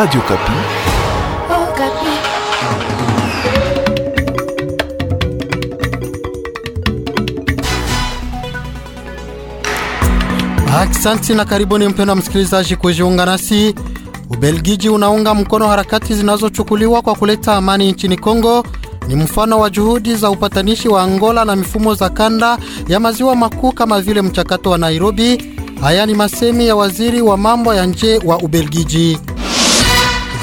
Radio Kapi. Oh, Kapi. Aksanti na karibuni mpendwa msikilizaji kujiunga nasi. Ubelgiji unaunga mkono harakati zinazochukuliwa kwa kuleta amani nchini Kongo. Ni mfano wa juhudi za upatanishi wa Angola na mifumo za kanda ya maziwa makuu kama vile mchakato wa Nairobi. Haya ni masemi ya waziri wa mambo ya nje wa Ubelgiji.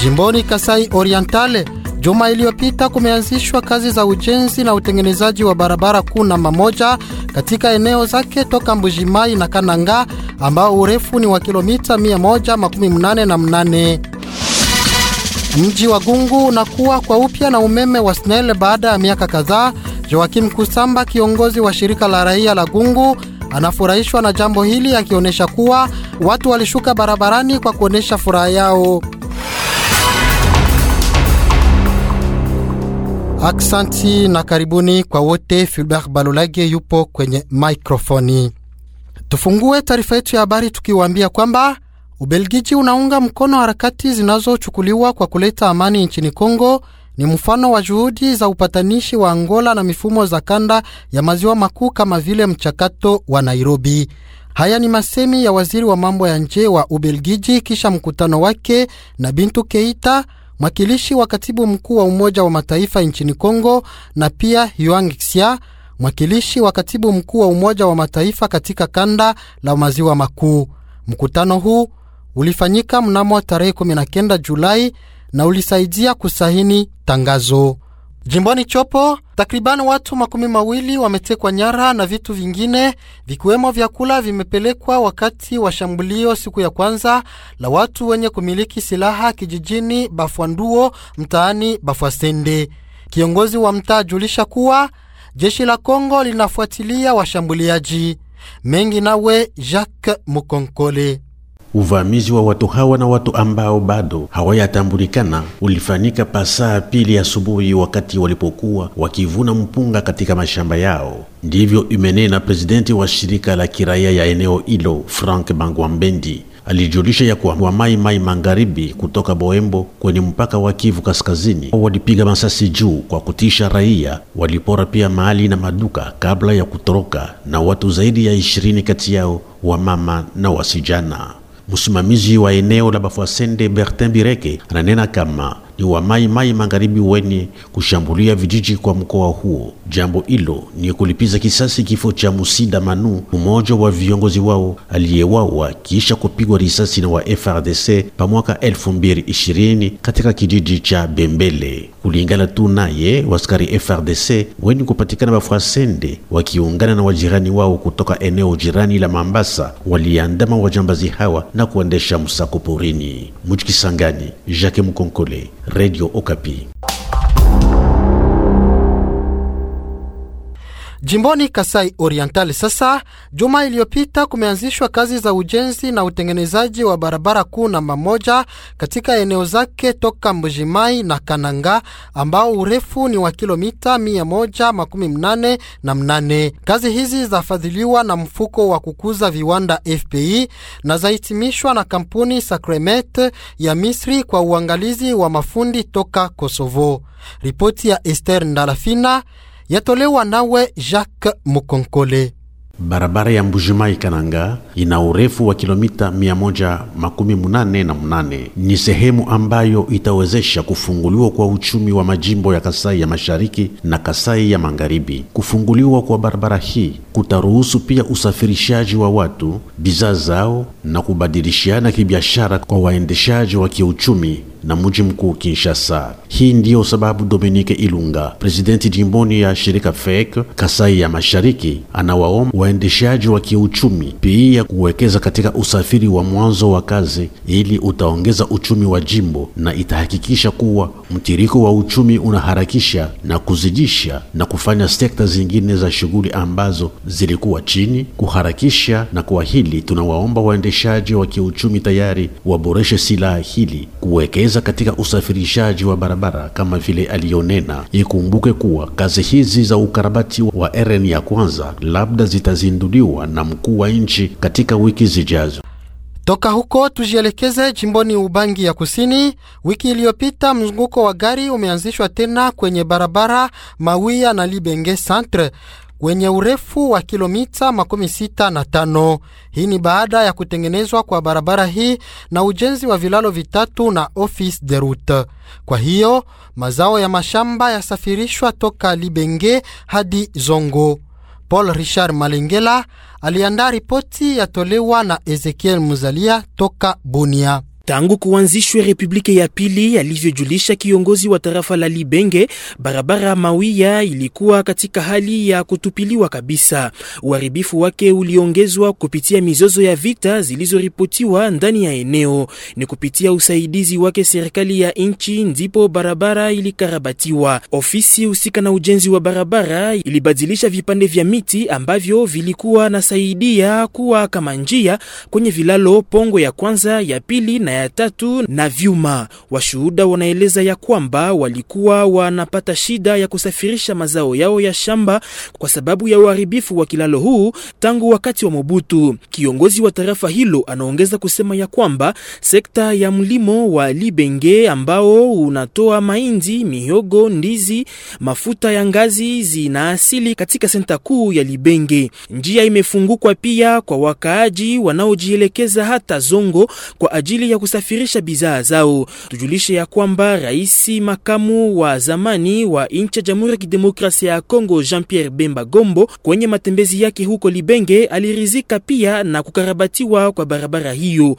Jimboni Kasai Orientale, juma iliyopita kumeanzishwa kazi za ujenzi na utengenezaji wa barabara kuu namba moja katika eneo zake toka Mbujimai na Kananga ambao urefu ni wa kilomita 188. Mji wa Gungu unakuwa kwa upya na umeme wa SNEL baada ya miaka kadhaa. Joakim Kusamba, kiongozi wa shirika la raia la Gungu, anafurahishwa na jambo hili akionyesha kuwa watu walishuka barabarani kwa kuonyesha furaha yao. Aksanti na karibuni kwa wote. Filbert Balolage yupo kwenye maikrofoni. Tufungue taarifa yetu ya habari tukiwaambia kwamba Ubelgiji unaunga mkono harakati zinazochukuliwa kwa kuleta amani nchini Kongo. Ni mfano wa juhudi za upatanishi wa Angola na mifumo za kanda ya maziwa makuu kama vile mchakato wa Nairobi. Haya ni masemi ya waziri wa mambo ya nje wa Ubelgiji kisha mkutano wake na Bintu Keita, mwakilishi wa katibu mkuu wa Umoja wa Mataifa nchini Kongo na pia Yuang Xia, mwakilishi wa katibu mkuu wa Umoja wa Mataifa katika kanda la maziwa makuu. Mkutano huu ulifanyika mnamo tarehe 19 Julai na ulisaidia kusahini tangazo. Jimboni Chopo takriban watu makumi mawili wametekwa nyara na vitu vingine vikiwemo vyakula vimepelekwa wakati wa shambulio siku ya kwanza la watu wenye kumiliki silaha kijijini Bafwanduo mtaani Bafwasende. Kiongozi wa mtaa julisha kuwa jeshi la Kongo linafuatilia washambuliaji mengi. Nawe Jacques Mukonkole Uvamizi wa watu hawa na watu ambao bado hawayatambulikana ulifanyika pasaa pili asubuhi, wakati walipokuwa wakivuna mpunga katika mashamba yao. Ndivyo imenena presidenti wa shirika la kiraia ya eneo hilo Frank Bangwambendi alijulisha ya kuwa Mai Mai magharibi kutoka Boembo kwenye mpaka wa Kivu Kaskazini walipiga masasi juu kwa kutisha raia, walipora pia mali na maduka kabla ya kutoroka, na watu zaidi ya ishirini kati yao wa mama na wasijana Msimamizi wa eneo la Bafuasende Bertin Bireke ananena kama ni wa Mai Mai magharibi wenye kushambulia vijiji kwa mkoa huo. Jambo hilo ni kulipiza kisasi kifo cha Musida Manu, mmoja wa viongozi wao aliyewawa kisha kupigwa risasi na wa FRDC pa mwaka 2020 katika kijiji cha Bembele. Kulingana tu naye, waskari FRDC wenye kupatikana bafuasende wakiungana na wajirani wao kutoka eneo jirani la Mambasa waliandama wajambazi hawa na kuendesha msako porini. Mujikisangani, Jacques Mkonkole, Radio Okapi. Jimboni Kasai oriental sasa, juma iliyopita kumeanzishwa kazi za ujenzi na utengenezaji wa barabara kuu namba moja katika eneo zake toka Mbujimai na Kananga ambao urefu ni wa kilomita 118 na mnane. Kazi hizi zafadhiliwa na mfuko wa kukuza viwanda FPI na zahitimishwa na kampuni Sacremet ya Misri kwa uangalizi wa mafundi toka Kosovo. Ripoti ya Esther Ndalafina yatolewa nawe Jacques Mukonkole. Barabara ya Mbujimai Kananga ina urefu wa kilomita 188. Ni sehemu ambayo itawezesha kufunguliwa kwa uchumi wa majimbo ya Kasai ya Mashariki na Kasai ya Magharibi. Kufunguliwa kwa barabara hii kutaruhusu pia usafirishaji wa watu, bidhaa zao na kubadilishana kibiashara kwa waendeshaji wa kiuchumi na mji mkuu Kinshasa. Hii ndiyo sababu Dominique Ilunga, presidenti jimboni ya shirika FEC Kasai ya Mashariki, anawaomba waendeshaji wa kiuchumi pia kuwekeza katika usafiri wa mwanzo wa kazi, ili utaongeza uchumi wa jimbo na itahakikisha kuwa mtiriko wa uchumi unaharakisha na kuzidisha na kufanya sekta zingine za shughuli ambazo zilikuwa chini kuharakisha. Na kwa hili tunawaomba waendeshaji wa kiuchumi tayari waboreshe silaha hili kuwekeza kuwekeza katika usafirishaji wa barabara kama vile aliyonena. Ikumbuke kuwa kazi hizi za ukarabati wa RN ya kwanza labda zitazinduliwa na mkuu wa nchi katika wiki zijazo. Toka huko tujielekeze jimboni Ubangi ya Kusini. Wiki iliyopita mzunguko wa gari umeanzishwa tena kwenye barabara Mawia na Libenge Centre wenye urefu wa kilomita makumi sita na tano. Hii ni baada ya kutengenezwa kwa barabara hii na ujenzi wa vilalo vitatu na office de route. Kwa hiyo mazao ya mashamba yasafirishwa toka Libenge hadi Zongo. Paul Richard Malengela aliandaa ripoti yatolewa na Ezekiel Muzalia toka Bunia. Tangu kuanzishwe Republiki ya pili, alivyojulisha kiongozi wa tarafa la Libenge, barabara Mawia ilikuwa katika hali ya kutupiliwa kabisa. Uharibifu wake uliongezwa kupitia mizozo ya vita zilizoripotiwa ndani ya eneo. Ni kupitia usaidizi wake serikali ya nchi ndipo barabara ilikarabatiwa. Ofisi husika na ujenzi wa barabara ilibadilisha vipande vya miti ambavyo vilikuwa nasaidia kuwa kama njia kwenye vilalo Pongo ya kwanza, ya pili na ya tatu na vyuma. Washuhuda wanaeleza ya kwamba walikuwa wanapata shida ya kusafirisha mazao yao ya shamba kwa sababu ya uharibifu wa kilalo huu tangu wakati wa Mobutu. Kiongozi wa tarafa hilo anaongeza kusema ya kwamba sekta ya mlimo wa Libenge ambao unatoa mahindi, mihogo, ndizi, mafuta ya ngazi zinaasili katika senta kuu ya Libenge. Njia imefungukwa pia kwa wakaaji wanaojielekeza hata Zongo kwa ajili ya kusafirisha bidhaa zao. Tujulishe ya kwamba rais makamu wa zamani wa nchi ya Jamhuri ya Kidemokrasia ya Kongo Jean-Pierre Bemba Gombo kwenye matembezi yake huko Libenge alirizika pia na kukarabatiwa kwa barabara hiyo.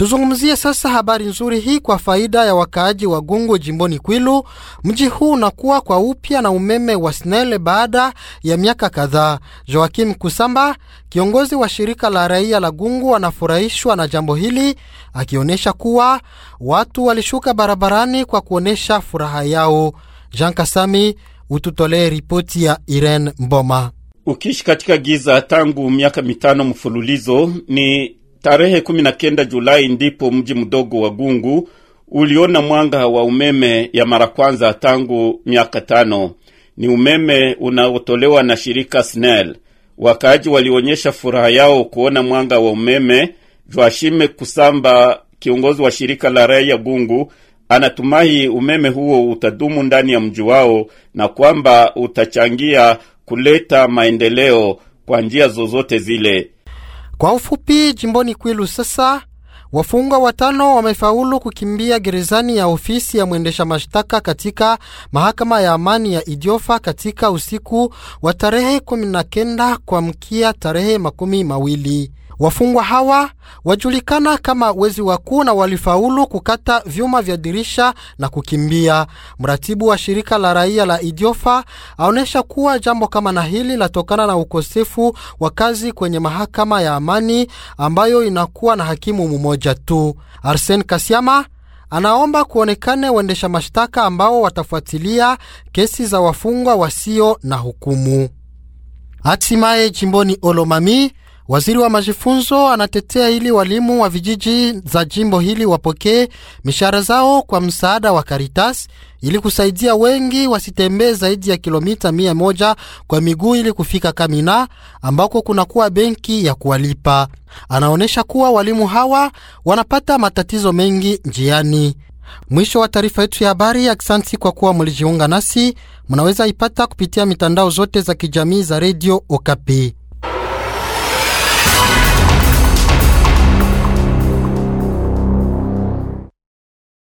Tuzungumzie sasa habari nzuri hii kwa faida ya wakaaji wa Gungu jimboni Kwilu. Mji huu unakuwa kwa upya na umeme wa SNEL baada ya miaka kadhaa. Joakim Kusamba, kiongozi wa shirika la raia la Gungu, anafurahishwa na jambo hili, akionyesha kuwa watu walishuka barabarani kwa kuonyesha furaha yao. Jean Kasami, ututolee ripoti ya Irene Mboma. Ukiishi katika giza tangu miaka mitano mfululizo, ni Tarehe 19 Julai ndipo mji mdogo wa Gungu uliona mwanga wa umeme ya mara kwanza tangu miaka tano. Ni umeme unaotolewa na shirika SNEL. Wakaaji walionyesha furaha yao kuona mwanga wa umeme. Joashime Kusamba, kiongozi wa shirika la raia Gungu, anatumai umeme huo utadumu ndani ya mji wao na kwamba utachangia kuleta maendeleo kwa njia zozote zile. Kwa ufupi, jimboni Kwilu sasa wafungwa watano wamefaulu kukimbia gerezani ya ofisi ya mwendesha mashtaka katika mahakama ya amani ya Idiofa katika usiku wa tarehe 19 kwa mkia tarehe makumi mawili. Wafungwa hawa wajulikana kama wezi wakuu na walifaulu kukata vyuma vya dirisha na kukimbia. Mratibu wa shirika la raia la Idiofa aonyesha kuwa jambo kama na hili latokana na ukosefu wa kazi kwenye mahakama ya amani ambayo inakuwa na hakimu mmoja tu. Arsen Kasiama anaomba kuonekane waendesha mashtaka ambao watafuatilia kesi za wafungwa wasio na hukumu. Hatimaye jimboni Olomami Waziri wa majifunzo anatetea ili walimu wa vijiji za jimbo hili wapokee mishahara zao kwa msaada wa Karitas ili kusaidia wengi wasitembee zaidi ya kilomita mia moja kwa miguu ili kufika Kamina ambako kunakuwa benki ya kuwalipa. Anaonyesha kuwa walimu hawa wanapata matatizo mengi njiani. Mwisho wa taarifa yetu ya habari. Aksanti kwa kuwa mulijiunga nasi, munaweza ipata kupitia mitandao zote za kijamii za redio Okapi.